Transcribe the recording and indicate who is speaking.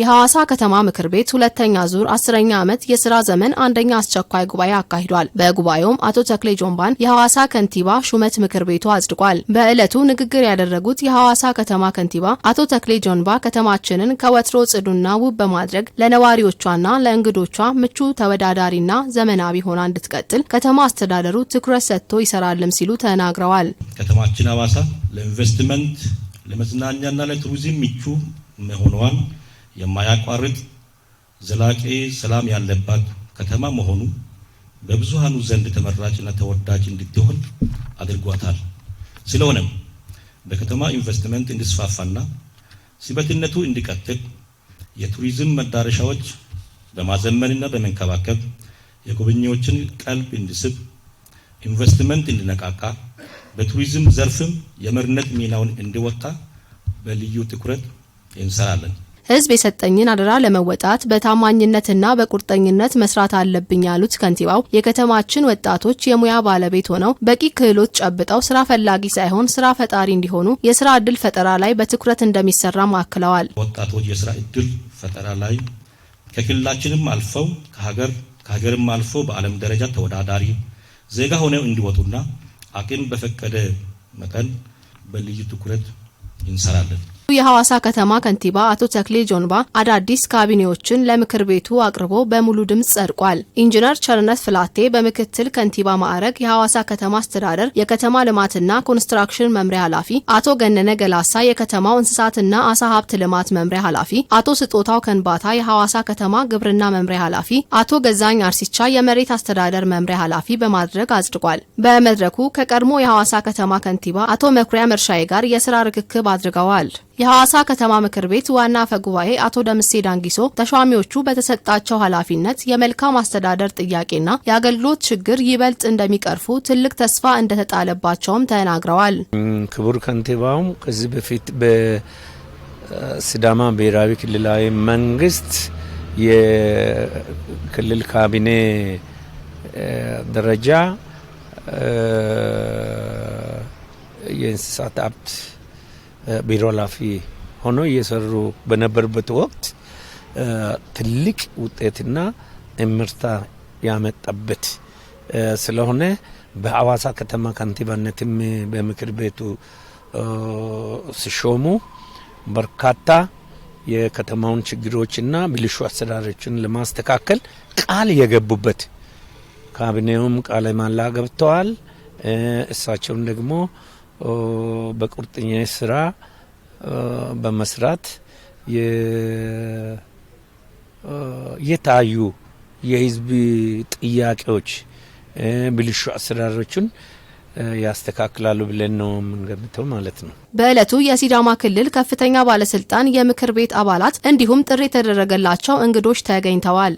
Speaker 1: የሐዋሳ ከተማ ምክር ቤት ሁለተኛ ዙር አስረኛ ዓመት የስራ ዘመን አንደኛ አስቸኳይ ጉባኤ አካሂዷል። በጉባኤውም አቶ ተክሌ ጆምባን የሐዋሳ ከንቲባ ሹመት ምክር ቤቱ አጽድቋል። በዕለቱ ንግግር ያደረጉት የሐዋሳ ከተማ ከንቲባ አቶ ተክሌ ጆንባ ከተማችንን ከወትሮ ጽዱና ውብ በማድረግ ለነዋሪዎቿና ለእንግዶቿ ምቹ ተወዳዳሪና ዘመናዊ ሆና እንድትቀጥል ከተማ አስተዳደሩ ትኩረት ሰጥቶ ይሰራልም ሲሉ ተናግረዋል።
Speaker 2: ከተማችን ሐዋሳ ለኢንቨስትመንት ለመዝናኛና ለቱሪዝም ምቹ መሆኗን የማያቋርጥ ዘላቂ ሰላም ያለባት ከተማ መሆኑ በብዙሃኑ ዘንድ ተመራጭና ተወዳጅ እንድትሆን አድርጓታል። ስለሆነም በከተማ ኢንቨስትመንት እንዲስፋፋና ሲበትነቱ እንዲቀጥል የቱሪዝም መዳረሻዎች በማዘመንና በመንከባከብ የጎብኚዎችን ቀልብ እንዲስብ፣ ኢንቨስትመንት እንዲነቃቃ፣ በቱሪዝም ዘርፍም የመሪነት ሚናውን እንዲወጣ በልዩ ትኩረት እንሰራለን።
Speaker 1: ህዝብ የሰጠኝን አደራ ለመወጣት በታማኝነትና በቁርጠኝነት መስራት አለብኝ ያሉት ከንቲባው የከተማችን ወጣቶች የሙያ ባለቤት ሆነው በቂ ክህሎት ጨብጠው ስራ ፈላጊ ሳይሆን ስራ ፈጣሪ እንዲሆኑ የስራ እድል ፈጠራ ላይ በትኩረት እንደሚሰራ ማክለዋል።
Speaker 2: ወጣቶች የስራ እድል ፈጠራ ላይ ከክልላችንም አልፈው ከሀገር ከሀገርም አልፈው በዓለም ደረጃ ተወዳዳሪ ዜጋ ሆነው እንዲወጡና አቅም በፈቀደ መጠን በልዩ ትኩረት እንሰራለን።
Speaker 1: የሐዋሳ ከተማ ከንቲባ አቶ ተክሌ ጆንባ አዳዲስ ካቢኔዎችን ለምክር ቤቱ አቅርቦ በሙሉ ድምፅ ጸድቋል። ኢንጂነር ቸርነት ፍላቴ በምክትል ከንቲባ ማዕረግ የሐዋሳ ከተማ አስተዳደር የከተማ ልማትና ኮንስትራክሽን መምሪያ ኃላፊ፣ አቶ ገነነ ገላሳ የከተማው እንስሳትና አሳ ሀብት ልማት መምሪያ ኃላፊ፣ አቶ ስጦታው ከንባታ የሐዋሳ ከተማ ግብርና መምሪያ ኃላፊ፣ አቶ ገዛኝ አርሲቻ የመሬት አስተዳደር መምሪያ ኃላፊ በማድረግ አጽድቋል። በመድረኩ ከቀድሞ የሐዋሳ ከተማ ከንቲባ አቶ መኩሪያ መርሻዬ ጋር የስራ ርክክብ አድርገዋል። የሐዋሳ ከተማ ምክር ቤት ዋና አፈ ጉባኤ አቶ ደምሴ ዳንጊሶ ተሿሚዎቹ በተሰጣቸው ኃላፊነት የመልካም አስተዳደር ጥያቄና የአገልግሎት ችግር ይበልጥ እንደሚቀርፉ ትልቅ ተስፋ እንደተጣለባቸውም ተናግረዋል።
Speaker 3: ክቡር ከንቲባውም ከዚህ በፊት በሲዳማ ብሔራዊ ክልላዊ መንግስት የክልል ካቢኔ ደረጃ የእንስሳት ሀብት ቢሮ ኃላፊ ሆኖ እየሰሩ በነበርበት ወቅት ትልቅ ውጤትና እምርታ ያመጣበት ስለሆነ በአዋሳ ከተማ ከንቲባነትም በምክር ቤቱ ሲሾሙ በርካታ የከተማውን ችግሮችና ብልሹ አሰራሮችን ለማስተካከል ቃል የገቡበት ካቢኔውም ቃለ መሃላ ገብተዋል። እሳቸውን ደግሞ በቁርጠኝነት ስራ በመስራት የታዩ የህዝብ ጥያቄዎች ብልሹ አሰራሮችን ያስተካክላሉ ብለን ነው የምንገምተው ማለት ነው።
Speaker 1: በእለቱ የሲዳማ ክልል ከፍተኛ ባለስልጣን፣ የምክር ቤት አባላት እንዲሁም ጥሪ የተደረገላቸው እንግዶች ተገኝተዋል።